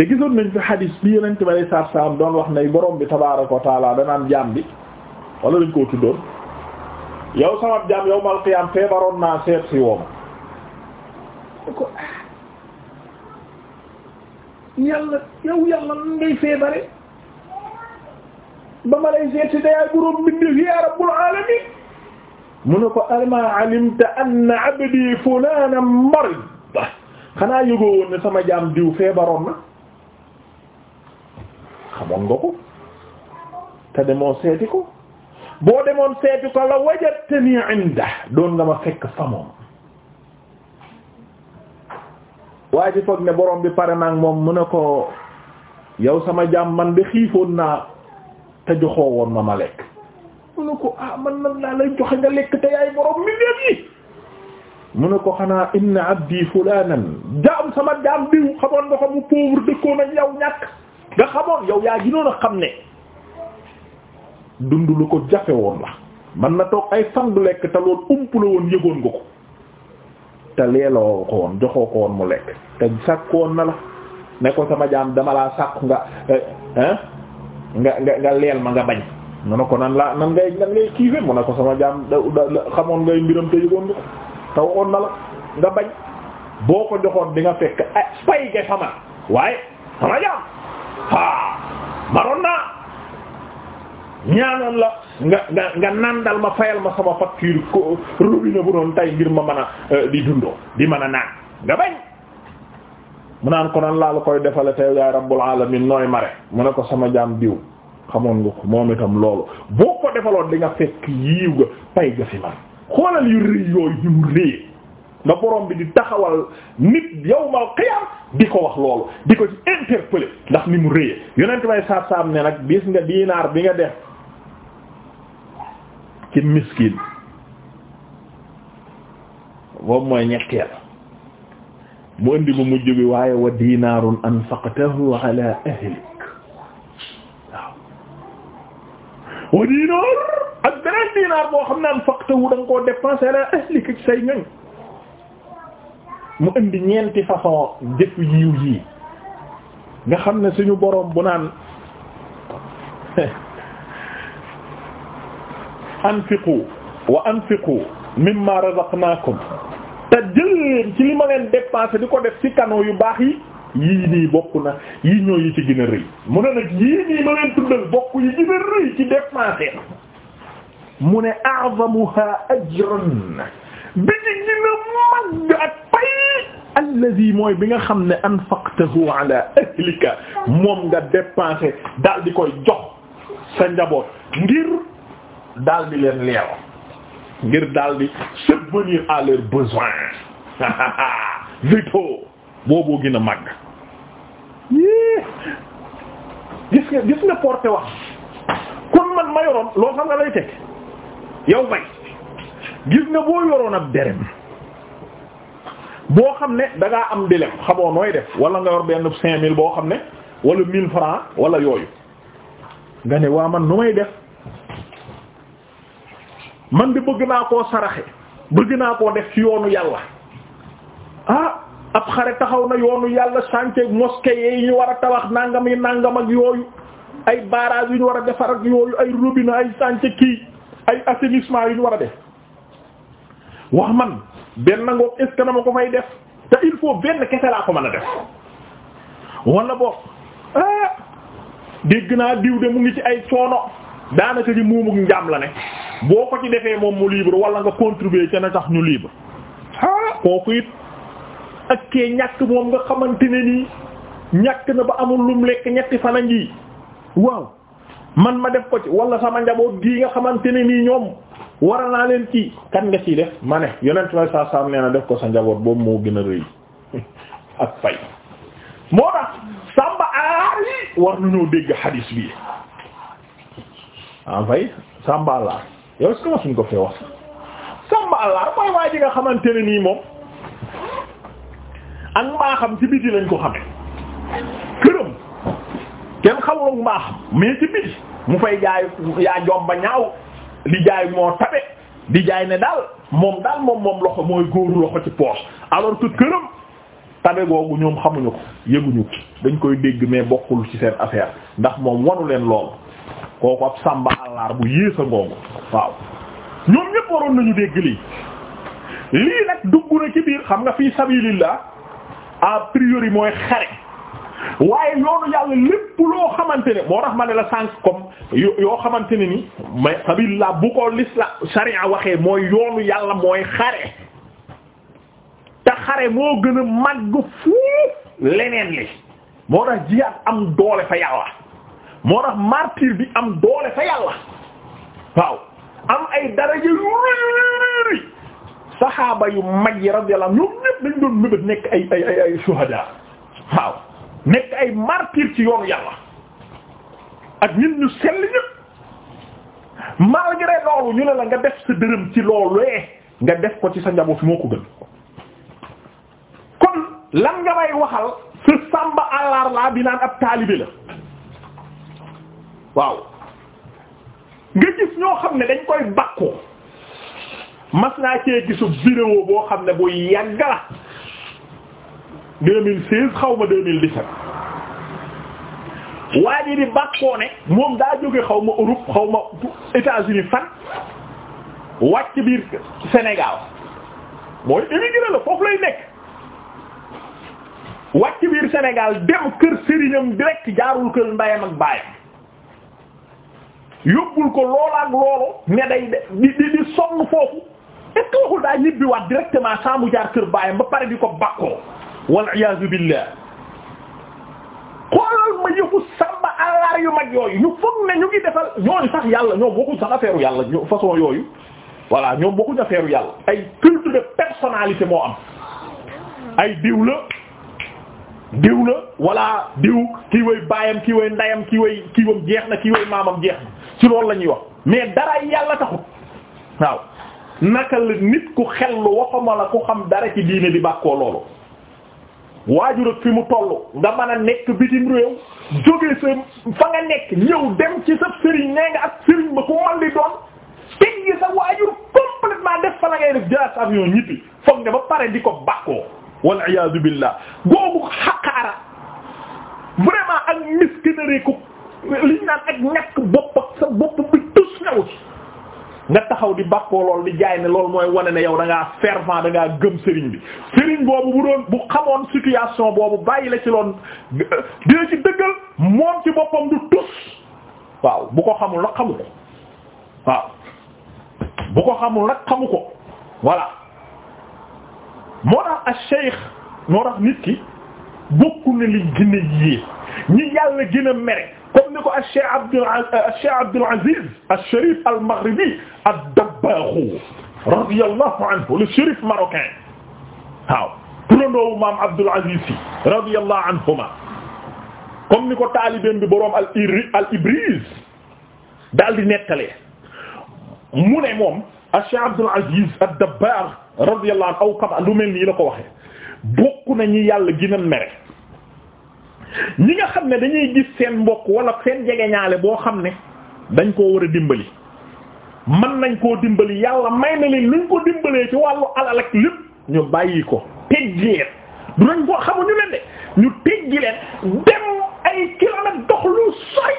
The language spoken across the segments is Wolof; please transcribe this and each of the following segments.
te gisoon nañ fi xadis bi yonent bi alayhi salaatu salaam doon wax ne borom bi tabaaraka wa taala danaan jaam bi wala dañ koo tuddoon yow sama jaam yow mal qiyaam feebaroon naa seet si wooma yàlla yow yàlla nan ngay feebare ba ma lay seet si dayaay boroom mbindéef yaa rabbul alamin mu ne ko alma alimta anna abdi fulanan marid xanaa yëgoo woon ne sama jaam diw feebaroon na xamoon nga ko te demoo seeti ko boo demoon seeti ko la wajadtani inda doon nga ma fekk fa moom waaye ci foog ne boroom bi pare naag moom mu ne ko yow sama jaam man de xiifoon naa te joxoo woon ma ma lekk mu ne ko ah man nag laa lay joxe nga lekk te yaay borom mi léeg yi mu ne ko xanaa inna abdi fulanan jaam sama jaam diw xamoon nga ko mu pauvre dëkkoon ak yow ñàkk nga xamoon yow yaa ginoon a xam ne dund lu ko jafe woon la man na toog ay fan du lekk te loolu ump la woon yëgoon nga ko te leeloo ko woon joxoo ko woon mu lekk te sàkkoon na la ne ko sama jaam dama laa sàkku nga eh, eh, nga leel ma nga bañ mu ko nan laa nan ngay kiife mu ne ko sama jaam da xamoon ngay mbiram te yëgoon nga ko te waxoon na la nga bañ boo ko joxoon di nga fekk eh, ay pay ga fama waaye sama jaam ah maroon naa ñaanoon la nga nga nga nandal ma fayal ma sama facture ko robinet bu doon tay ngir ma mën a euh, di dundoo di man a naan nga bañ. mu naan ko nan laa la koy defale tey yaay rabbul alamin nooy mare mu ne ko sama jaam diw xamoon nga ko moom itam loolu boo ko defaloon di nga fekk yiiw ga pay ga fi man xoolal yu rëy yooyu yu rëy. nga boroom bi di taxawal nit yawmal qiyam di ko wax loolu di ko ci interpeller ndax ni mu rëyee yonent bay saab saab ne nag gis nga diinaar bi nga def ci miskin boobu mooy ñetteel mu indi bu mujj bi waaye wa diinaarun anfaqtahu ala ahlik waaw wa diinaar ak beneen diinaar boo xam ne anfaqtahu da nga koo dépenser ala ahlik ci say ñoñ mu indi ñeenti façon jëf yiw yi nga xam ne suñu boroom bu naan anfiqu wa anfiqu mimma razaqnakum te jël ci li ma leen dépensé di ko def ci canaux yu baax yi yii nii bokk na yii ñoo yi ci gën a rëy mu ne nag yii nii ma leen tuddal bokk yi gën a rëy ci dépensé mu ne a'zamuha ajran bi ci gën a ak allazi mooy bi nga xam ne anfaqtahu ala ahlika moom nga dépensé dal di koy jox sa njaboot ngir daal di leen leew ngir daal di subvenir à leurs besoins vito booboo gën a màgg gis nga gis nga porté wax kon ma yoroon loo xam nga lay teg yow bay gis nga boo yoroon ab derem boo xam ne dangaa am di dilem xamoo nooy def wala nga yor benn cinq mille boo xam ne wala mille francs wala yooyu nga ne waa man nu may def man di bëgg naa koo saraxe bëgg naa koo def ci yoonu yàlla ah ab xare taxaw na yoonu yàlla chantier mosquée yi ñu war a tabax nangam yi nangam ak yooyu ay barrage yu ñu war a defar ak yooyu ay robinet ay chantier kii ay assainissement yu ñu war a def wax man benn ngoog est-ce que ko fay def te il faut benn kese laa ko mën a def wala boog ah dégg naa diw de mu ngi ci ay soono daanaka di muumug njaam la ne boo ko ci defee moom mu libre wala nga contribuer ca na tax ñu libre ah kooku it ak kee ñàkk moom nga xamante ne nii ñàkk na ba amul lum lekk ñetti fan a waaw man ma def ko ci wala sama njaboot gii nga xamante ne nii ñoom. waral naa leen kii kan nga ciy def ma ne yonent may saa saam nee def ko sa njaboot boobu moo gën a rëy ak fay moo tax sàmba aali war nañoo dégg xadiis bi en ah, fay sàmba àllaar yow est suñ ko fee wax sàmba àllaar mooy waa ji nga xamante ne moom ak mbaaxam ci biti lañ ko xame këram kenn xamul ak mbaaxam mais ci biti mu fay jaay yaa jomba ñaaw li jaay moo tabe di jaay ne daal moom daal moom moom loxo mooy góoru loxo ci poche alors que këram tabe googu ñoom xamuñu ko yëguñu dañ koy dégg mais bokkul ci seen affaire ndax moom wanu leen loolu kooku ab sàmba bu yées a ngoongu waaw ñoom ñëpp waroon nañu dégg lii lii nag dugg na ci biir xam nga fii sabilillah a priori mooy xare waaye yoonu yàlla lépp loo xamante ne moo tax ma ne la sànq comme yoo xamante ne ni mais sabilillah bu ko lisla sharia waxee mooy yoonu yàlla mooy xare te xare moo gën a màgg fuuf leneen li moo tax jihaad am doole fa yàlla moo tax martyr bi am doole fa yàlla waaw am ay daraja yu saxaaba yu mag yi radiyallahu ñoom ñépp dañ doon mébét nekk ay ay ay ay shuhada waaw nekk ay martyr ci yoonu yàlla ak nit ñu sell ñëpp malgré loolu ñu ne la nga def sa dërëm ci loolee nga def ko ci sa njaboot moo ko gën kon lan nga may waxal sa sàmba àllar bi naan ab taalibe la waaw nga gis ñoo xam ne dañ koy bakkoo mas naa cee gisu vidéo boo xam ne bu yàgg la 2016 xaw ma 2017 waa ji di bàkkoo ne moom daa jóge xaw ma Europe xaw ma États-Unis fan wàcc biir Sénégal mooy émigré la foofu lay nekk wàcc biir Sénégal dem kër sëriñam direct jaarul kër ndayam ak baayam yóbbul ko loola ak loolu ne day di di di sonn foofu est waxul daa ñibbi waat directement saa jaar kër baayam ba pare di ko bàkkoo wal iyaazu billah xoolal ma yëfu sàmba àllaar yu mag yooyu ñu foog ne ñu ngi defal ñooñu sax yàlla ñoom bokkuñ sax affaire yàlla ñoom façon yooyu voilà ñoom bokkuñ affaire yàlla ay culte de moo am ay diw la la walla diw kii way baayam kii way ndayam kii kiiwam jeex na kii way maamam jeex na ci loolu la ñuy wax mais dara yàlla taxut waaw naka la nit ku xel lu waxuma la ku xam dara ci diine di bàkkoo loolu waajur ak fi mu toll nga mën a nekk bitim réew jóge sa fa nga nekk ñëw dem ci sa sëriñ nee nga ak sëriñ ba ku man di doon teggi sa waajur complètement def fa la ngay def jëlaat sa avion ñitti nga ba pare di ko bakkoo wal iyaadu billah googu xaqaara vraiment ak miskinerie ko li naan ak ñàkk bopp ak sa bopp bi tus ñëw ci nga taxaw di bàkkoo lool di jaay ne loolu mooy wane ne yow da fervent da ngaa gëm sëriñ bi sëriñ boobu bu doon bu xamoon situation boobu bàyyi la ci loon dina ci dëggal moom ci boppam du tus waaw bu ko xamul nag xamu ko waaw bu ko xamul nag xamu ko voilà moo tax ak cheikh moo tax nit ki bokku na li gën a yées ñi yàlla gën a mere comme ni ko euh, Cheikh Abdul Aziz al-Sharif al-Maghribi ad-Dabbagh radiyallahu anhu le shérif marocain waaw turandoowu maam Abdul Aziz si radiyallahu anhuma comme ni ko taalibeen bi borom al iri al Ibriz mu ne moom Cheikh Abdul Aziz ad-Dabbagh radiyallahu anhu aw kama lu mel nii la ko waxee bokk nañu yàlla ñi nga xam ne dañuy gis seen mbokk wala seen jegeñaale boo xam ne dañ koo war a dimbali man nañ koo dimbali yàlla may na leen luñ ko dimbalee ci wàllu alal ak lépp ñu bàyyi ko teggi leen du nañ koo xamuñu leen de ñu teggi leen dem ay kilomètres dox lu sori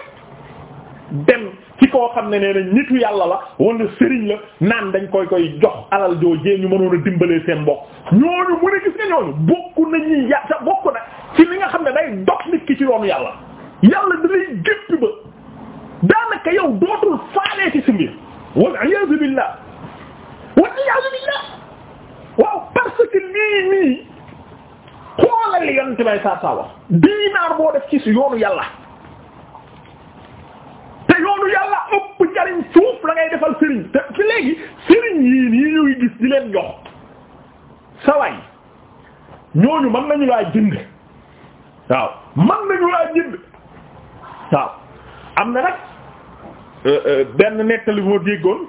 dem ci koo xam ne nee na nitu yàlla la wala sëriñ la naan dañ koy koy jox alal joojee ñu mënoon a dimbalee seen mbokk ñooñu mu ne gis nga ñooñu bokk nañu ya sa bokk na ci li nga xam ne day dox nit ki ci yoonu yàlla yàlla dalay géppi ba daanaka yow dootul faalee ci si wal iyaazu billah wal iyaazu billah waaw parce que lii nii xoolal li yonent bay saa saa wax boo def ci si yoonu yàlla te yoonu yàlla ëpp njariñ suuf la ngay defal sëriñ te ci léegi sëriñ yii nii ñuy gis di leen jox saway ñooñu mën nañu laa jënd waaw mën nañu laa jënd waaw am na nag euh, euh, benn nettali moo déggoon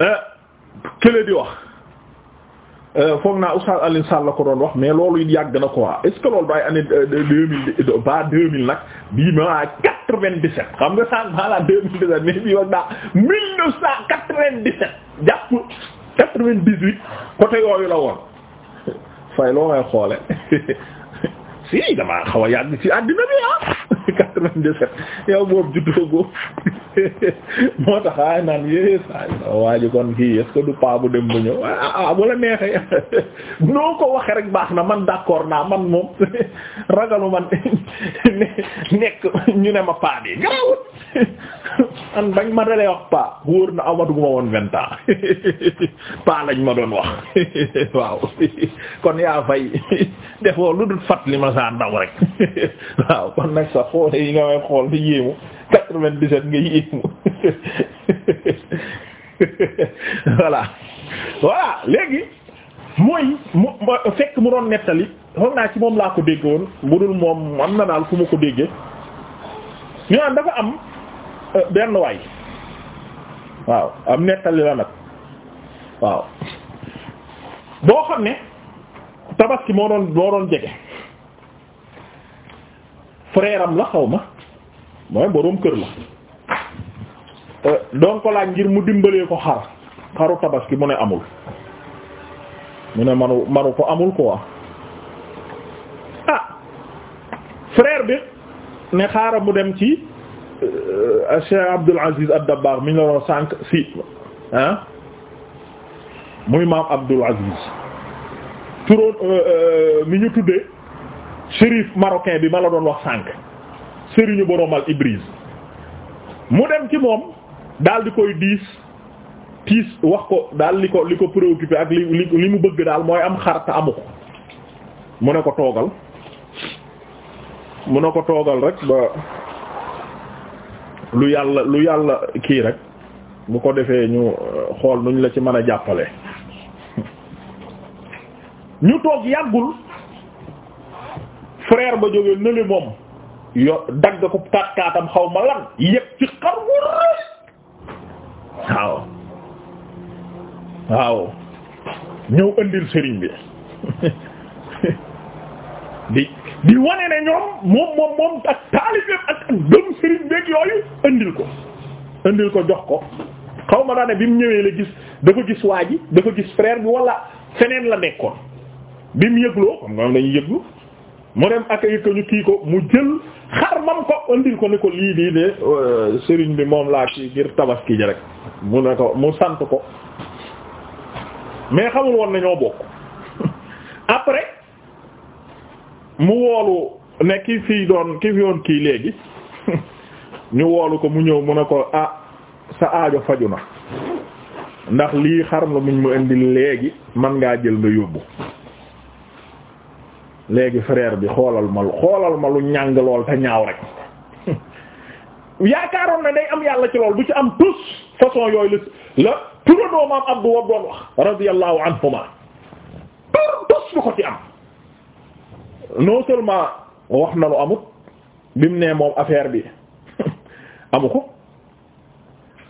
euh, kële di wax Euh, foog naa Oustaz Alioune Sall la ko doon wax mais loolu it yàgg na quoi est ce que loolu ba ay année euh, deux mille deux mille nag bii ma quatre-vingt-dix-sept xam nga sànq maa la deux mille dix-sept mais bii wax naa mille neuf cent quatre-vingt-dix-sept jàpp quatre-vingt-dix-huit côté yooyu la woon fay loo may xoole si damaa xaw yàgg ci àddina bi ah quatre-vingt-dix-sept yow boobu juddoo moo tax ay naan yées ay waa ji kon kii est-ce que du paa dem bu ñëw ah, ah bu la neexee noo ko waxee rek baax na man d'accord naa man moom ragalu man nekk ñu ne ma paa bi garawut an bañ ma dalee wax paa wóor na amatuma woon vingt paa lañ ma doon wax waaw kon yaa fay defoo lu dul fàttali ma saa ndaw rek waaw kon nag sax xoolee yi nga may xool di yéemu quatre vingt nga yéemu voilà voilà léegi mooy mu fekk mu doon nettali xool naa ci moom laa ko dégg woon bu dul moom am na daal ku ma ko déggee ñu naan dafa am euh, benn waay waaw am nettali la nag waaw boo xam ne ki moo doon moo doon jege frère la xaw ma mooy boroom kër la euh, doon ko laaj ngir mu dimbalee ko xar xaru tabaski mu ne amul mu ne manu manu ko amul quoi ah frère bi ne xaaral mu dem ci euh, Cheikh Abdul Aziz ad-Dabbagh la doon sànq si ah muy maam Abdul Aziz turóon euh, mi ñu tuddee shérif marocain bi ma la doon wax sànq sëriñu boroomal Ibris mu dem ci moom daal di koy diis tiis wax ko daal li ko li ko préoccupé ak li li mu bëgg daal mooy am xar amu ko mu ne ko toogal mu ne ko toogal rek ba lu yàlla lu yàlla kii rek bu ko defee ñu euh, xool nuñ la ci mën a jàppale ñu toog yàggul frère ba jógee nële moom yo dagg ko kaat-kaatam xaw ma lan yépp ci xar waaw waaw ñëw andil sëriñ bi di di wane ne ñoom moom moom moom ak taalibeem ak ak gëm sëriñ beeg yooyu andil ko andil ko jox ko xaw daane bi mu ñëwee la gis dafa gis waa ji dafa gis frère bi wala feneen la nekkoon bi mu yëgloo xam nga dañuy yëglu mu dem accueil ko ñu kii ko mu jël xar mam ko andil ko ni ko lii lii de euh, sëriñ bi moom laa kii ngir tabaski ji rek mu ne ko mu sant ko mais xamul woon na ñoo après mu woolu ne ki fii doon ki fi doon kii léegi ñu woolu ko mu ñëw mu ne ko ah sa aajo faju na ndax lii xaram la muñ mu indi léegi man ngaa jël nga yóbbu léegi frère bi xoolal ma lu xoolal ma lu ñàng lool te ñaaw rek yaakaaroon na day am yàlla ci lool bu ci am tous façon yooyu la tura doomaam Abdu Wahab doon wax radiyallahu anhuma pour tous lu ko ci am non seulement wax na lu amut bi mu ne moom affaire bi amu ko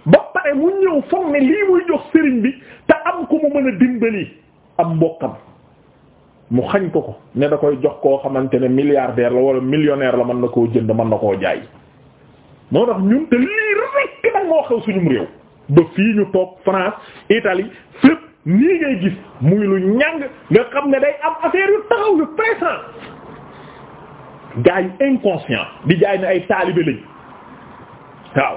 ba pare mu ñëw foog ne lii muy jox sëriñ bi te am ku mu mën a dimbali am mbokkam mu xañ ko ko ne da koy jox koo xamante ne milliardaire la wala millionnaire la mën na koo jënd mën na koo jaay moo tax ñun te lii rekk nag moo xew suñum réew ba fii ñu toog France Italie fépp nii ngay gis muy lu ñàng nga xam ne day am affaire yu taxaw yu pressant gaa yu inconscient di jaay ne ay taalibe lañ waaw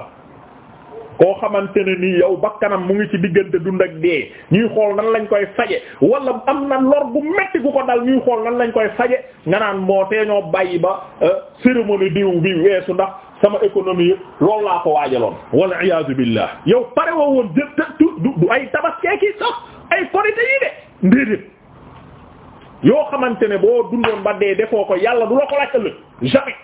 koo xamante ne nii yow bakkanam mu ngi ci diggante dund ak dee ñuy xool nan lañ koy faje wala am na lor bu metti gu ko dal ñuy xool nan lañ koy faje nga naan moo tee ñoo bàyyi ba euh, cérémonie diw bi weesu ndax sama économie loolu laa ko waajaloon wal iyaadu billah yow pare woo woon du ay tabaskeeki sax ay korite yi de ndéedéet yoo xamante ne boo dundoon ba dee defoo ko yàlla du la ko laaj ëllëg jamais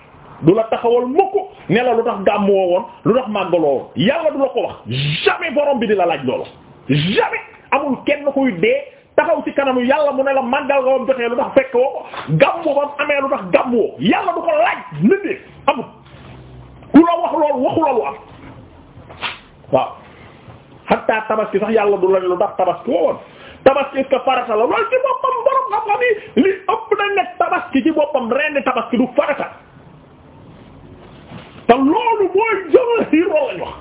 du la taxawal mukk ne la lu tax gàmm woo woon lu tax màggaloo woon yàlla du la ko wax jamais borom bi di la laaj loolu jamais amul kenn kuy dee taxaw ci kanamu yàlla mu ne la màggal nga woon jotee lu tax fekk woo ko gàmm ba amee lu tax gàmm woo yàlla du ko laaj nit amul ku la wax loolu waxu la lu am waaw hatta tabaski sax yàlla du la ne lu tax tabaski woo tabaski est farata la loolu ci boppam borom xam-xam yi li ëpp na nekk tabaski ci boppam rendi te loolu mooy jamaahir loolu lañ wax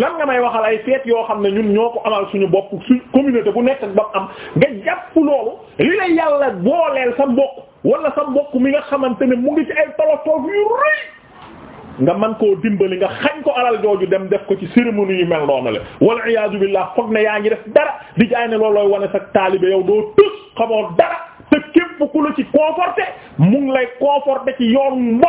lan nga may waxal ay feet yoo xam ne ñun ñoo ko amal suñu bopp suñ communauté bu nekk ba am nga jàpp loolu li la yàlla booleel sa mbokk wala sa mbokk mi nga xamante ne mu ngi ci ay tolof-tolof yu rëy nga man koo dimbali nga xañ ko alal jooju dem def ko ci cérémonie yu mel noonu la wal iyaadu billah foog ne yaa ngi def dara di jaay ne loolooy wane sa taalibe yow doo tës xamoo dara te képp ku la ci conforté mu ngi lay ci yoon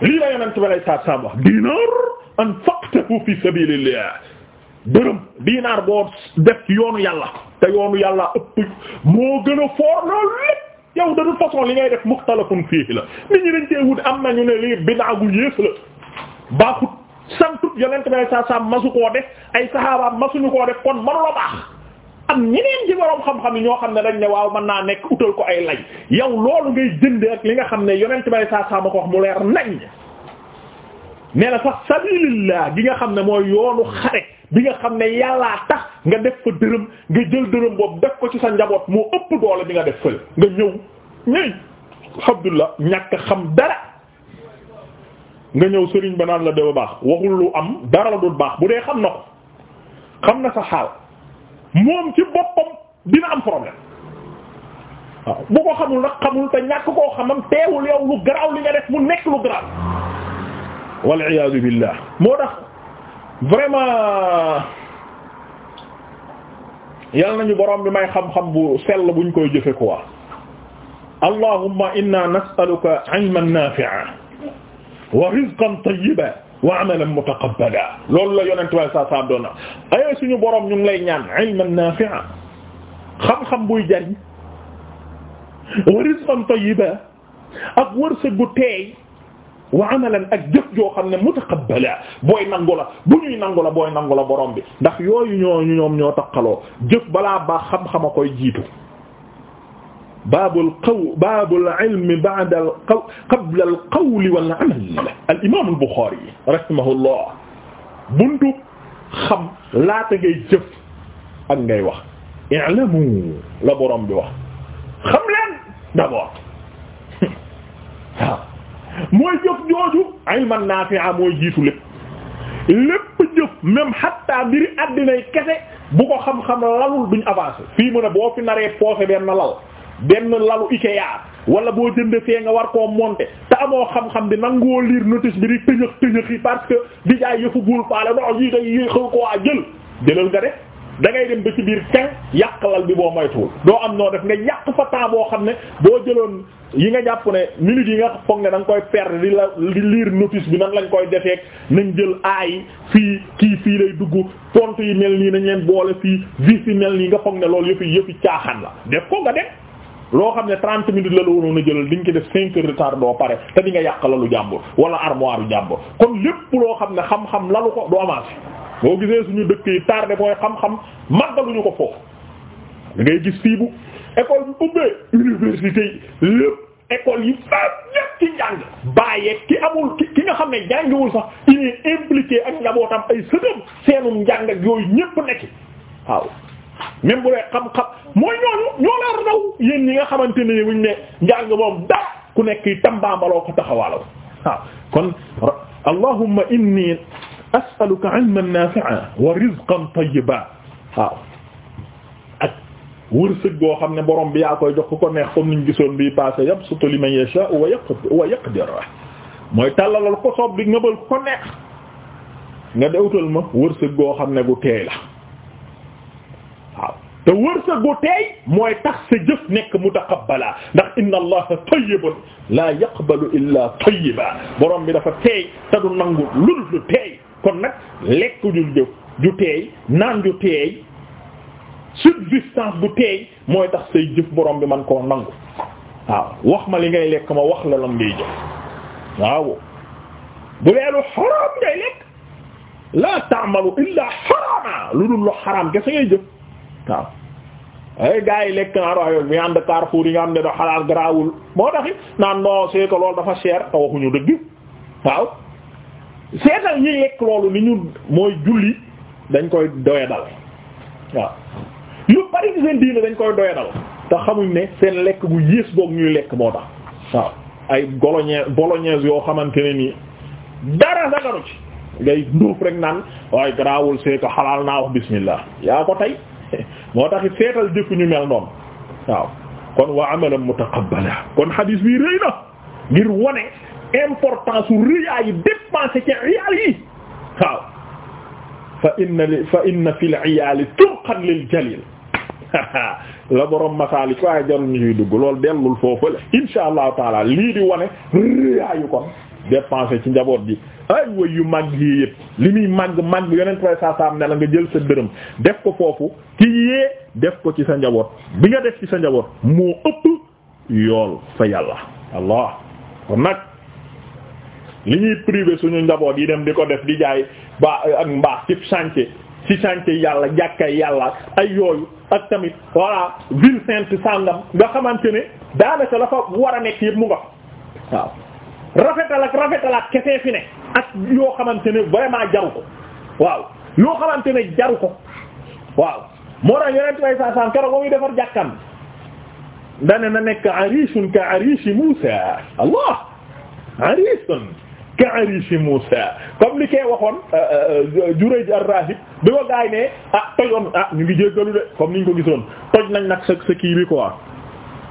lii la yonent bi lay saat saam wax dinaar anfaqtahu fi sabilillah dërëm dinaar boo def yoonu yàlla te yoonu yàlla ëpp moo gën a foor loolu lépp yow de façon li ngay def muxtalafun fiihi la nit ñi dañ cee am na ne lii bidaa gu yées la baaxut santut yonent bi lay saat saam masu koo def ay saxaabaam masuñu koo def kon baax am ñeneen ci borom xam-xam yi ñoo xam ne dañ ne waaw mën naa nekk utal ko ay lay yow loolu ngay jënd ak li nga xam ne yonent bay saa saa ko wax mu leer nañ nee na sax sabilillah gi nga xam ne mooy yoonu xare bi nga xam ne yàllaa tax nga def fa dërëm nga jël dërëm boobu def ko ci sa njaboot moo ëpp doole bi nga def fële nga ñëw ñëw Abdullah ñàkk xam dara nga ñëw sëriñ ba naan la de ba baax waxul lu am dara la dul baax bu dee xam na ko xam na sa xaal moom ci boppam dina am problème bu ko xamul nag xamul te ñàkk koo xamam teewul yow lu garaaw li nga def mu nekk lu garaaw wal iyaadu billah moo tax vraiment yal nañu borom bi may xam-xam bu sell buñ koy jëfe quoi allahumma inna nas'aluka ilman nafi'a wa rizqan wa amalan mutaqabbala loolu la yonent waaye saa saa doon na ay suñu boroom ñu ngi lay ñaan ilman nafi'a xam-xam buy jariñ wa rizqan tayyiba ak wërsëg gu teey wa amalan ak jëf joo xam ne mutaqabbala booy nangu la bu ñuy nangu la booy nangu la borom bi ndax yooyu ñoo ñoom ñoo taqaloo jëf balaa baax xam-xama koy jiitu. baabul qaw baabul ilmi ba'da al qaw qabla al qawli wal amal al imaam al Buxaari rahimahullah buntu xam laata ngay jëf ak ngay wax. i'lamu la borom bi wax xam leen d'abord waaw mooy jëf jooju ilman naafi'a mooy jiitu lépp lépp jëf même hatta mbiri addinay kese bu ko xam-xam lalul duñ avancé. fii mu ne boo fi naree poosé benn lal. benn lalu Ikea wala boo jënd fee nga war koo monter te amoo xam-xam bi nangoo liir notice bi di tëñëx tëñëx parce que di jaay yëfu bul faale non yii day yii xaw koo waa jël jëlal nga def da ngay dem ba ci biir can yàqalal bi boo moytuwul doo am noo def nga yàq fa temps boo xam ne boo jëloon yi nga jàpp ne minutes yi nga foog ne da koy perdre di la di lire notice bi nan lañ koy defee nañ jël aay fii kii fii lay dugg pont yi mel nii nañ leen boole fii vis yi mel nga foog ne loolu yëfi yëfi caaxaan la def ko nga dem loo xam ne trente minutes la la waroon a jëlal di nga ci def cinq heures de retard doo pare te di yàq lalu jàmbur wala armoire jàmbur kon lépp loo xam ne xam-xam lalu ko du avancé boo gisee suñu dëkk yi tardé mooy xam-xam ñu ko foofu da gis fii bu école bi ubbee université yi lépp école yi fab lépp ci njàng bàyyeeg ki amul ki nga xam ne jàngiwul sax il est impliqué ak njabootam ay sëtam seenum njàng ak yooyu ñépp nekk waaw même bu dee xam-xam mooy ñooñu ñoo la raw yéen ñi nga xamante ni buñ ne njàng moom da ku nekk tambaambaloo ko taxawaaloo waaw kon allahumma inni as'aluka 'ilman nafi'a wa rizqan tayyiba waaw ak wërsëg goo xam ne borom bi yaa koy jox ku ko neex comme niñ gisoon bii passé yabsutu liman yasha'u wa yaqdir wa yaqdir mooy tàllalal ko soob bi ngëbal ku ko neex nga dewtal ma wërsëg goo xam ne gu teey la te wërsëg gu teey mooy tax sa jëf nekk mutaqabbala ndax inna allaha tayyibun la yaqbalu illa tayyiba borom bi dafa teey te nangu lu lu teey kon nag lekk ju jëf ju teey naan ju teey subsistance bu teey mooy tax say jëf borom bi man koo nangu wax ma li ngay koma wax la lam ngay jëf waaw bu leelu xaraam ngay lekk la ta'malu illa xarama lu lu xaraam kese ngay jëf waaw ay eh, gars yi lekk naa waaye viande Carrefour yi nga xam ne da xalaal garaawul moo taxit naan non c'est loolu dafa cher te waxuñu dëgg waaw seetal ñi lekk loolu ni ñu mooy julli dañ koy doya dal waaw yu bari ci seen diine dañ koy doya dal te xamuñ ne seen lekk bu yées boog ñuy lekk moo tax waaw ay bolognaise bolognaise yoo xamante ne nii dara sagaru ci ngay nduuf rek naan waaye garaawul c'est xalaal naa wax bismillah yaa ko tey moo tax it seetal jëkku ñu mel noonu waaw kon wa amalan mutaqabbala kon hadis bi rëy na ngir wone importance su riyaa yi dépensé ci iyaal yi waaw fa inna li fa inna fil iyaali turqan lil jalil la borom masaali waaye jarul ñu ciy dugg loolu dellul foofale insha allahu taala lii di wone riyaa yu kon dépensé ci njaboot ji ay way yu mag yi yëpp li muy màgg màgg yeneen way saa saam ne la nga jël sa dërëm def ko foofu ci yee def ko ci sa njaboot bi nga def ci sa njaboot moo ëpp yool fa yàlla allah nag li ñuy privé suñu njaboot yi dem di ko def di jaay ba ak mbaax ci chantier ci chantier yàlla jàkkay yàlla ay yooyu ak tamit voilà ville sainte sàngam nga xamante ne daanaka la fa war a nekk yëpp mu nga waaw rafetal ak rafetal ak kese fi ne ak yoo xamante ne vraiment jaru ko waaw yoo xamante ne jaru ko waaw moo tax yeneen way sa san keroog ba muy defar jàkkan dane na nekk arishun ka arishi Musa Allah arishun ka arishi Musa comme li kee waxoon euh, euh, euh, Jurayj ar-Rahib bi ko gaay ne ah tojoon ah ñu ngi jéggalu de comme niñ ko gisoon toj nañ nag sa sa kii bi quoi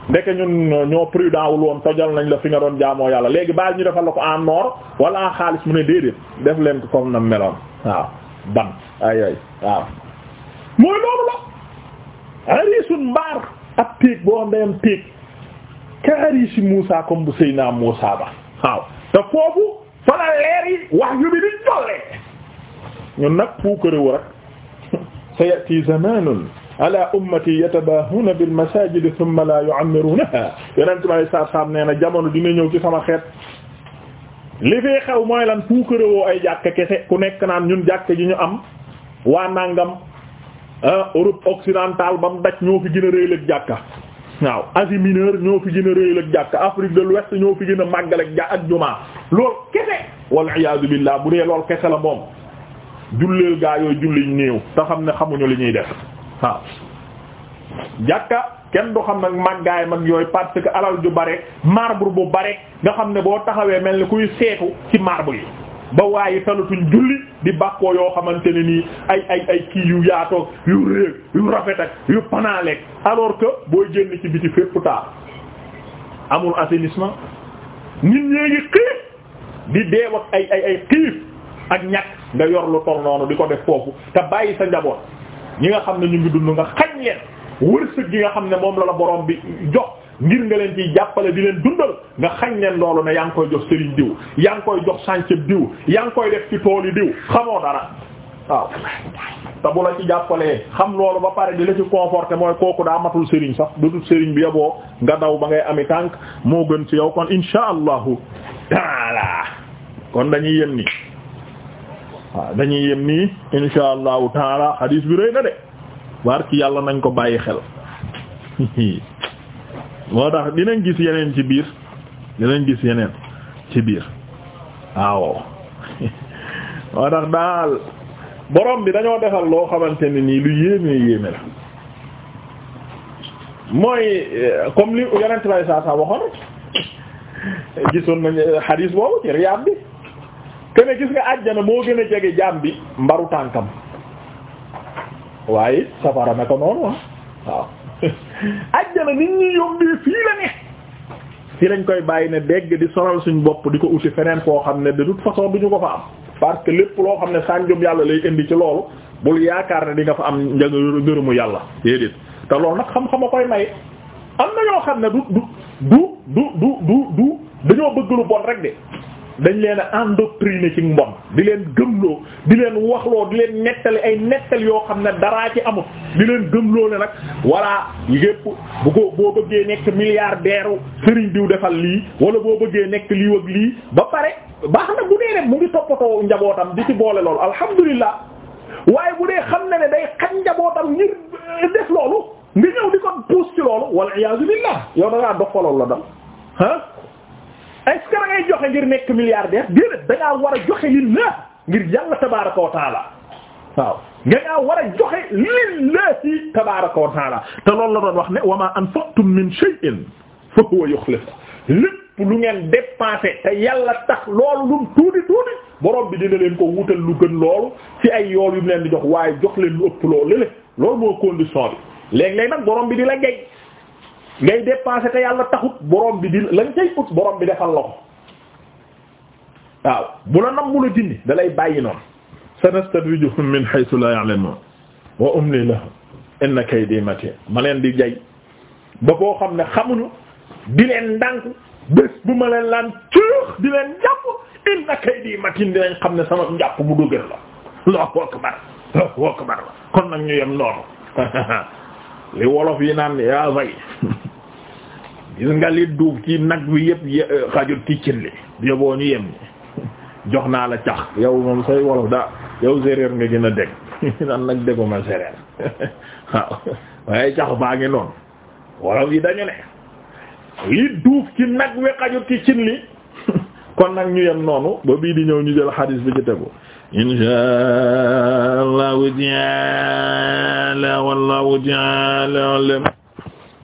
ndeke ñun ñoo prudent wul woon tojal nañ la fi nga doon jaamoo yàlla léegi baal ñu defal la ko en or wala en xaalis mu ne déedéet def leen ko comme na meloon waaw ban ay ay waaw mooy loolu la harisun mbaar ak piig boo am dayam ka harisi Muusa comme bu sëy naa Muusa ba waaw te foofu fana leer yi wax yu bi di jolle ñun nag puukëréwu rek sayati zamanun ala ummati yatabahuna bil masajid thumma la yu'ammirunaha yonent bi na jamono dina ñëw ci sama xeet li fi xew mooy lan puukarewoo ay jàkk kese ku nekk naan ñun jàkk ji ñu am waa nangam ah, Europe occidentale ba mu daj ñoo fi gën a réyal ak jàkka waaw Asie mineure ñoo fi gën a réyal ak jàkka Afrique de l'Ouest ñoo fi gën a màggal ak ja ak jumaa lool kese wal iyaadu billaah bu dee lool kese la moom julleel gaa yooyu julliñ néew te xam ne xamuñu li ñuy def waaw jàkka kenn du xam nag màggaay mag yooyu parce que alal ju bare marbre bu bare nga xam ne boo taxawee mel ni kuy seetu ci marbre yi ba waaye talatuñ julli di bàkkoo yoo xamante ne nii ay ay ay kii yu yaatoog yu réeg yu rafet ak yu panaaleeg alors que booy génn ci biti fépp taa amul assainissement nit ñee ngi xiif di deew ay ay ay xiif ak ñàkk nga yor lu tol noonu di ko def foofu te bàyyi sa njaboot ñi nga xam ne ñu ngi dund nga xañ leen wërsëg gi nga xam ne moom la la borom bi jox ngir nga leen ciy jàppale di leen dundal nga xañ leen loolu ne yaa ngi koy jox sëriñ diw yaa ngi koy jox diw yaa ngi def ci tool yi diw xamoo dara waaw te la ci jàppalee xam loolu ba pare bi la ci conforté mooy kooku daa matul sëriñ sax dudul sëriñ bi yaboo nga daw ba ngay ami tànk moo gën ci yow kon insha allahu taala kon dañuy yem ni waaw dañuy yem nii insha allahu taala xadiis bi rëy na de war ci yàlla nañ ko bàyyi xel moo tax dinañ gis yeneen ci biir dinañ gis yeneen ci biir waaw moo tax daal borom bi dañoo defal loo xamante ne nii lu yéeme yéeme la mooy eh, comme li yeneen bay saa saa waxoon gisoon nañ xadiis boobu ci Riyaad bi kene gis nga àjjana moo gën a jege jaam bi mbaru tànkam waaye safara na ko noonu ah waaw àjjana nit ñi yombee fii la fii lañ koy bàyyi ne dégg di sonal suñ bopp di ko uti feneen koo xam ne de toute façon ñu ko fa am parce que lépp loo xam ne sànjum yàlla lay indi ci loolu bul yaakaar ne di nga fa am njëg ngërëmu yàlla déedéet te loolu nag xam-xam a koy may am na yoo xam ne du du du du du du dañoo bëgg lu bon rek de dañ leen a endoctriner ci mbon di leen gëmloo di leen waxloo di leen nettali ay nettali yoo xam ne daraa ci amut di leen gëmloo ne nag voilà yépp bu ko boo bëggee nekk milliardaire sëriñ diw defal lii wala boo bëggee nekk lii ak lii ba pare baax na bu dee rek mu ngi toppatoo njabootam di ci boole loolu alhamdulilah waaye bu dee xam na ne day xañ njabootam ngir def loolu nga ñëw di ko pousse ci loolu wala iyaazu billah yow da ngaa doxaloo la dal est-ce que da ngay joxe ngir nekk milliardaire déedéet da ngaa war a joxe lillah ngir yàlla tabaaraka wa taala waaw nga ngaa war a joxe lillahi tabaaraka wa taala te loolu la doon wax ne wa ma anfaqtum min shay'in fa huwa yukhlif lépp lu ngeen dépensé te yàlla tax lool lum tuuti tuuti borom bi dina leen ko wutal lu gën loolu ci ay yool yu mu leen di jox waaye jox leen lu ëpp loolu léeg loolu moo condition bi léeg-léeg nag borom bi di la gay ngay dépensé te yàlla taxut borom bi di lañ cay ut borom bi defal la ko waaw bu la nam mu la dindi da lay bàyyi noonu sanastadrijuhum min haythu la ya'lamun wa umli lahum inna kaydi matin ma leen di jay ba koo xam ne xamuñu di leen ndànk bés bu ma leen laan cuux di leen jàpp inna kaydi matin dinañ xam ne sama njàpp bu dëgër la Allahu akbar Allahu la kon nag ñu yem noonu li wolof yi naan yaa vay gis nga li duuf ci nag wi yëpp euh, xajut ci cin li yóbboo ñu yem jox naa la cax yow moom say wolof da yow séréer nga gën a dégg nan nag dégguma séréer waaw waaye cax baa ngi noonu wolof yi dañu ne li duuf ci nag wi xajut ci cin li kon nag ñu yem noonu ba bii di ñëw ñu jël xadiis bi ci tegu inshaa Allahu ta'ala wallahu ta'ala